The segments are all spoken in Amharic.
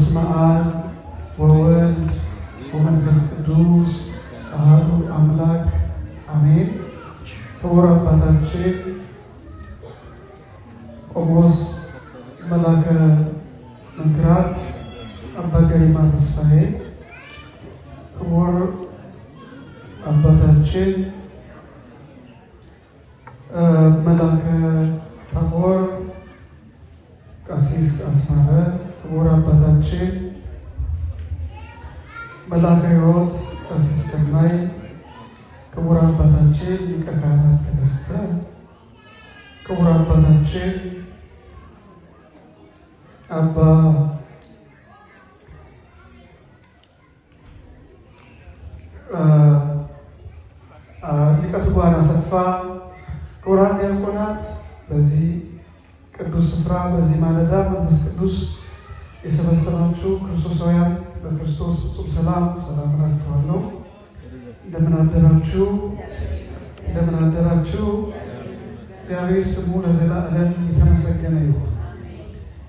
በስመ አብ ወወልድ ወመንፈስ ቅዱስ አሐዱ አምላክ አሜን። ክቡር አባታችን ቆሞስ መላከ መንክራት አባ ገሪማ ተስፋዬ፣ ክቡር አባታችን መላከ ጸሎት ሲሰማይ ክቡር አባታችን ሊቀ ካህናት ተከስተ፣ ክቡር አባታችን አባ ሊቀ ትጉሃን አሰፋ፣ ክቡራን ዲያቆናት በዚህ ቅዱስ ስፍራ በዚህ ማለዳ መንፈስ ቅዱስ የሰበሰባችሁ ክርስቶሳውያን በክርስቶስ ፍጹም ሰላም ሰላም እላችኋለሁ። እንደምን አደራችሁ? እንደምን አደራችሁ? እግዚአብሔር ስሙ ለዘላለም የተመሰገነ ይሁን።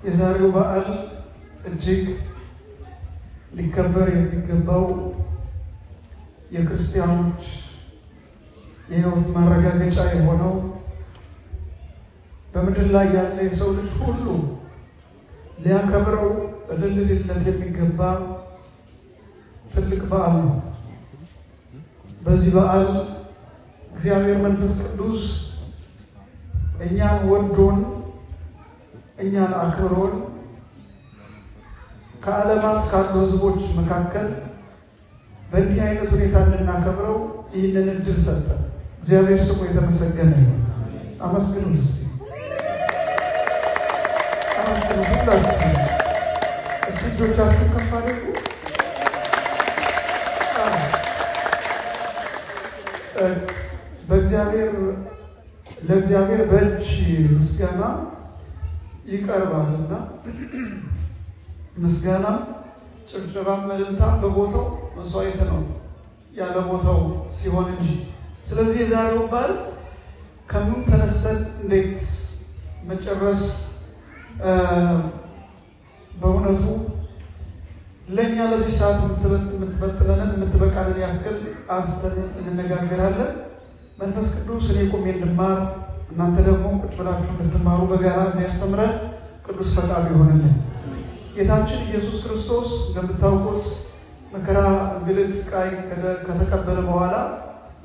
የዛሬው በዓል እጅግ ሊከበር የሚገባው የክርስቲያኖች የሕይወት ማረጋገጫ የሆነው በምድር ላይ ያለ የሰው ልጅ ሁሉ ሊያከብረው እልልልነት የሚገባ ትልቅ በዓል ነው። በዚህ በዓል እግዚአብሔር መንፈስ ቅዱስ እኛን ወዶን እኛን አክብሮን ከዓለማት ካሉ ሕዝቦች መካከል በእንዲህ አይነት ሁኔታ እንድናከብረው ይህንን እድል ሰጠ። እግዚአብሔር ስሙ የተመሰገነ ይሁን። አመስግኑት እስኪ አመስግኑት ሁላችሁ። እስቲ እጆቻችሁን ከፍ አድርጉ። በእግዚአብሔር ለእግዚአብሔር በእጅ ምስጋና ይቀርባልና ምስጋና ጭብጭባ መልልታ በቦታው መስዋዕት ነው ያለ ቦታው ሲሆን እንጂ። ስለዚህ የዛሬው በዓል ከምን ተነስተን እንዴት መጨረስ በእውነቱ ለእኛ ለዚህ ሰዓት የምትበጥለንን የምትበቃልን ያክል አንስተን እንነጋገራለን። መንፈስ ቅዱስ እኔ ቆሜ እንድማር እናንተ ደግሞ ቁጭ ብላችሁ እንድትማሩ በጋራ እንዲያስተምረን ቅዱስ ፈቃዱ ይሆንልን። ጌታችን ኢየሱስ ክርስቶስ እንደምታውቁት መከራ፣ እንግልት፣ ስቃይ ከተቀበለ በኋላ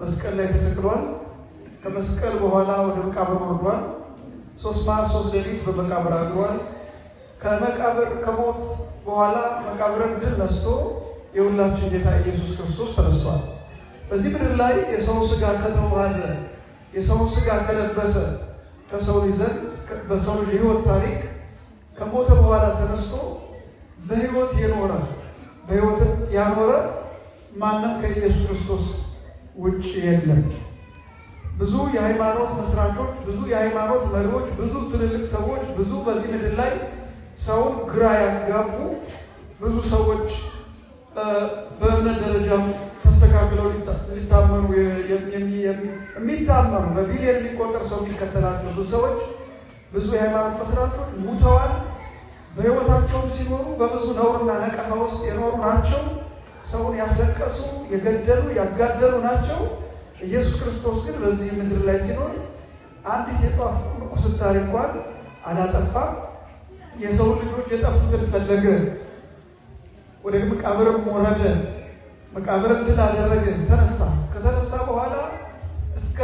መስቀል ላይ ተሰቅሏል። ከመስቀል በኋላ ወደ መቃብር ወርዷል። ሶስት መዓል ሶስት ሌሊት በመቃብር አድሯል። ከመቃብር ከሞት በኋላ መቃብርን ድል ነስቶ የሁላችን ጌታ ኢየሱስ ክርስቶስ ተነስቷል። በዚህ ምድር ላይ የሰው ስጋ ከተዋሃደ የሰው ስጋ ከለበሰ ከሰው ዘንድ በሰው ህይወት ታሪክ ከሞተ በኋላ ተነስቶ በህይወት የኖረ በህይወትም ያኖረ ማንም ከኢየሱስ ክርስቶስ ውጭ የለም። ብዙ የሃይማኖት መስራቾች፣ ብዙ የሃይማኖት መሪዎች፣ ብዙ ትልልቅ ሰዎች፣ ብዙ በዚህ ምድር ላይ ሰውን ግራ ያጋቡ ብዙ ሰዎች በእምነት ደረጃ ተስተካክለው ሊታመኑ የሚታመኑ በቢሊየን የሚቆጠር ሰው የሚከተላቸው ብዙ ሰዎች ብዙ የሃይማኖት መስራቾች ሙተዋል። በህይወታቸውም ሲኖሩ በብዙ ነውርና ነቀፋ ውስጥ የኖሩ ናቸው። ሰውን ያሰቀሱ፣ የገደሉ፣ ያጋደሉ ናቸው። ኢየሱስ ክርስቶስ ግን በዚህ ምድር ላይ ሲኖር አንዲት የጧፍ ቁስታሪ እንኳን አላጠፋም። የሰው ልጆች የጠፉትን ፈለገ። ወደ መቃብርም ወረደ፣ መቃብርም ድል አደረገ፣ ተነሳ። ከተነሳ በኋላ እስከ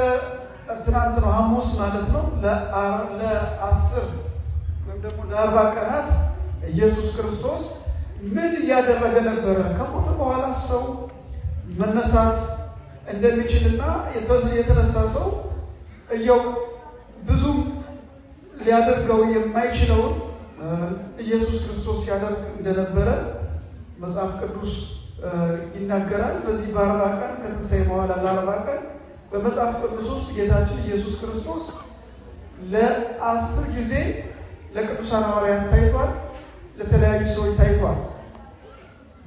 ትናንት ነው ሐሙስ ማለት ነው። ለአስር ወይም ደግሞ ለአርባ ቀናት ኢየሱስ ክርስቶስ ምን እያደረገ ነበረ? ከሞተ በኋላ ሰው መነሳት እንደሚችልና የተነሳ ሰው እየው ብዙም ሊያደርገው የማይችለውን ኢየሱስ ክርስቶስ ሲያደርግ እንደነበረ መጽሐፍ ቅዱስ ይናገራል። በዚህ በአርባ ቀን ከትንሣኤ በኋላ ለአርባ ቀን በመጽሐፍ ቅዱስ ውስጥ ጌታችን ኢየሱስ ክርስቶስ ለአስር ጊዜ ለቅዱሳን ሐዋርያት ታይቷል፣ ለተለያዩ ሰዎች ታይቷል።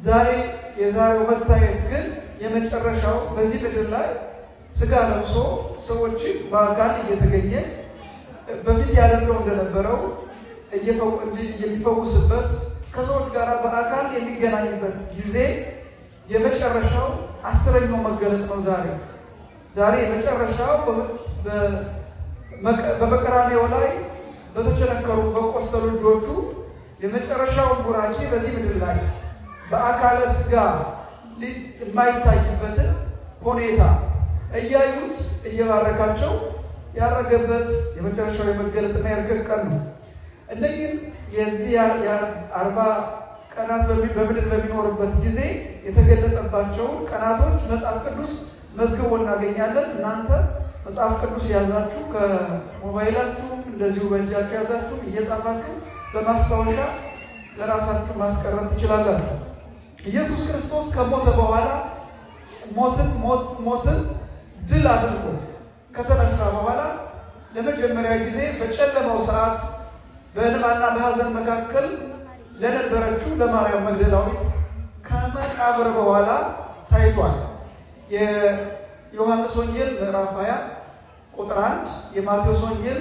ዛሬ የዛሬው መታየት ግን የመጨረሻው በዚህ ምድር ላይ ስጋ ለብሶ ሰዎችን በአካል እየተገኘ በፊት ያደርገው እንደነበረው የሚፈውስበት ከሰዎች ጋር በአካል የሚገናኝበት ጊዜ የመጨረሻው አስረኛው መገለጥ ነው። ዛሬ ዛሬ የመጨረሻው በመቀራኔው ላይ በተቸነከሩ በቆሰሉ እጆቹ የመጨረሻውን ቡራኬ በዚህ ምድር ላይ በአካለ ስጋ የማይታይበትን ሁኔታ እያዩት እየባረካቸው ያረገበት የመጨረሻው የመገለጥና የርቅቅ ቀን ነው። እንደግን የዚህ የአርባ ቀናት በምድር በሚኖርበት ጊዜ የተገለጠባቸውን ቀናቶች መጽሐፍ ቅዱስ መዝግቦ እናገኛለን። እናንተ መጽሐፍ ቅዱስ ያዛችሁ ከሞባይላችሁ እንደዚሁ በእጃችሁ ያዛችሁ እየጻፋችሁ በማስታወሻ ለራሳችሁ ማስቀረት ትችላላችሁ። ኢየሱስ ክርስቶስ ከሞተ በኋላ ሞትን ሞትን ድል አድርጎ ከተነሳ በኋላ ለመጀመሪያ ጊዜ በጨለማው ሰዓት በህልማና በሐዘን መካከል ለነበረችው ለማርያም መግደላዊት ከመቃብር በኋላ ታይቷል። የዮሐንስ ወንጌል ምዕራፍ 20 ቁጥር 1፣ የማቴዎስ ወንጌል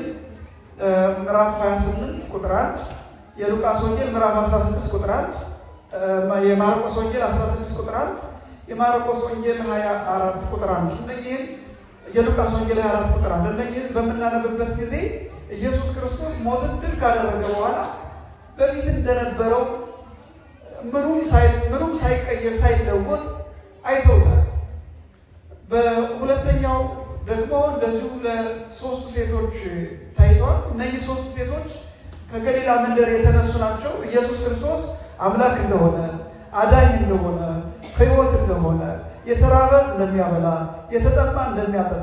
ምዕራፍ 28 ቁጥር 1፣ የሉቃስ ወንጌል ምዕራፍ 16 ቁጥር 1፣ የማርቆስ ወንጌል 16 ቁጥር 1፣ የማርቆስ ወንጌል 24 ቁጥር 1 እነዚህን የሉቃስ ወንጌል አራት ቁጥር አንድ ላይ በምናነብበት ጊዜ ኢየሱስ ክርስቶስ ሞትን ድል ካደረገ በኋላ በፊት እንደነበረው ምኑም ሳይቀየር ሳይለወጥ አይተውታል። በሁለተኛው ደግሞ እንደዚሁ ለሶስቱ ሴቶች ታይቷል። እነዚህ ሶስት ሴቶች ከገሊላ መንደር የተነሱ ናቸው። ኢየሱስ ክርስቶስ አምላክ እንደሆነ፣ አዳኝ እንደሆነ፣ ሕይወት እንደሆነ የተራበ እንደሚያበላ፣ የተጠማ እንደሚያጠጣ